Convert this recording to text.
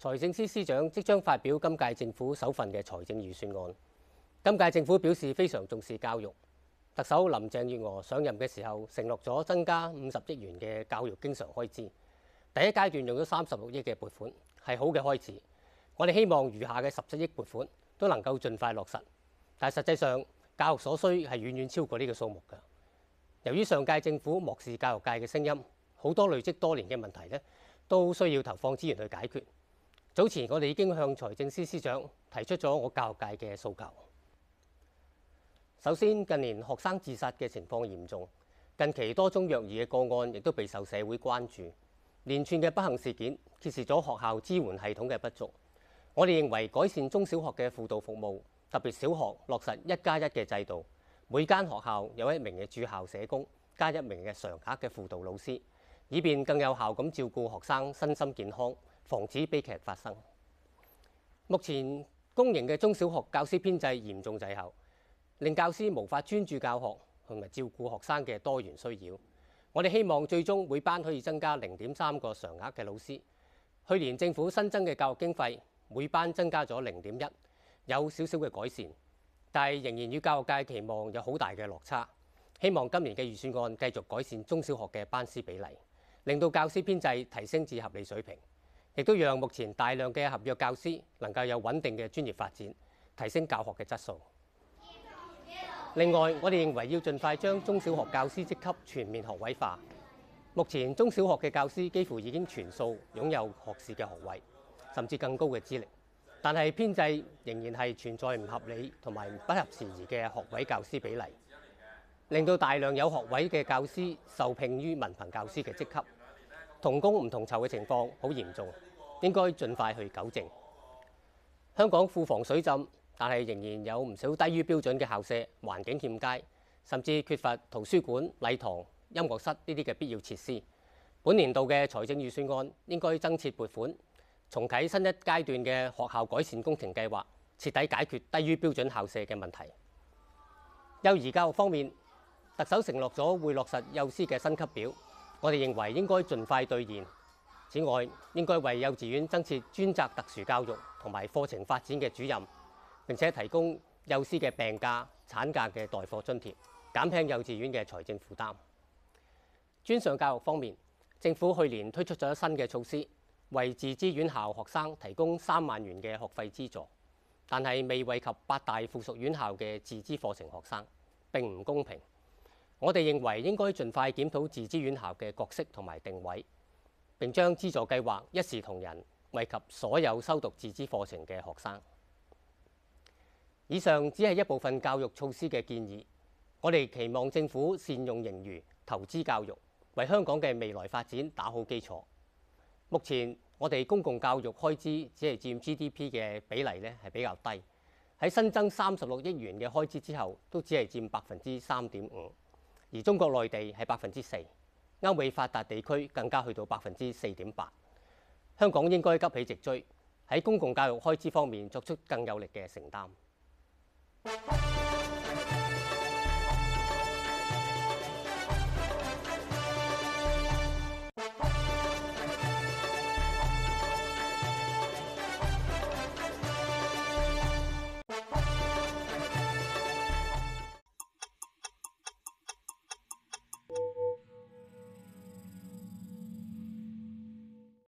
財政司司長即將發表今屆政府首份嘅財政預算案。今屆政府表示非常重視教育。特首林鄭月娥上任嘅時候承諾咗增加五十億元嘅教育經常開支，第一階段用咗三十六億嘅撥款，係好嘅開始。我哋希望餘下嘅十七億撥款都能夠盡快落實。但係實際上教育所需係遠遠超過呢個數目㗎。由於上屆政府漠視教育界嘅聲音，好多累積多年嘅問題咧，都需要投放資源去解決。早前我哋已經向財政司司長提出咗我教育界嘅訴求。首先，近年學生自殺嘅情況嚴重，近期多宗虐兒嘅個案亦都備受社會關注。連串嘅不幸事件揭示咗學校支援系統嘅不足。我哋認為改善中小學嘅輔導服務，特別小學落實一加一嘅制度，每間學校有一名嘅住校社工加一名嘅常額嘅輔導老師，以便更有效咁照顧學生身心健康。防止悲劇發生。目前公營嘅中小學教師編制嚴重滯後，令教師無法專注教學，同埋照顧學生嘅多元需要。我哋希望最終每班可以增加零點三個常額嘅老師。去年政府新增嘅教育經費，每班增加咗零點一，有少少嘅改善，但係仍然與教育界期望有好大嘅落差。希望今年嘅預算案繼續改善中小學嘅班師比例，令到教師編制提升至合理水平。亦都讓目前大量嘅合約教師能夠有穩定嘅專業發展，提升教學嘅質素。另外，我哋認為要盡快將中小學教師職級全面學位化。目前中小學嘅教師幾乎已經全數擁有學士嘅學位，甚至更高嘅資歷。但係編制仍然係存在唔合理同埋不合時宜嘅學位教師比例，令到大量有學位嘅教師受聘於文憑教師嘅職級，同工唔同酬嘅情況好嚴重。應該盡快去糾正。香港庫房水浸，但係仍然有唔少低於標準嘅校舍，環境欠佳，甚至缺乏圖書館、禮堂、音樂室呢啲嘅必要設施。本年度嘅財政預算案應該增設撥款，重啟新一階段嘅學校改善工程計劃，徹底解決低於標準校舍嘅問題。幼兒教育方面，特首承諾咗會落實幼師嘅薪級表，我哋認為應該盡快兌現。此外，應該為幼稚園增設專責特殊教育同埋課程發展嘅主任，並且提供幼師嘅病假、產假嘅代課津貼，減輕幼稚園嘅財政負擔。專上教育方面，政府去年推出咗新嘅措施，為自資院校學生提供三萬元嘅學費資助，但係未惠及八大附屬院校嘅自資課程學生，並唔公平。我哋認為應該盡快檢討自資院校嘅角色同埋定位。並將資助計劃一視同仁，惠及所有修讀自資課程嘅學生。以上只係一部分教育措施嘅建議，我哋期望政府善用盈餘，投資教育，為香港嘅未來發展打好基礎。目前我哋公共教育開支只係佔 GDP 嘅比例咧係比較低，喺新增三十六億元嘅開支之後，都只係佔百分之三點五，而中國內地係百分之四。歐美發達地區更加去到百分之四點八，香港應該急起直追，喺公共教育開支方面作出更有力嘅承擔。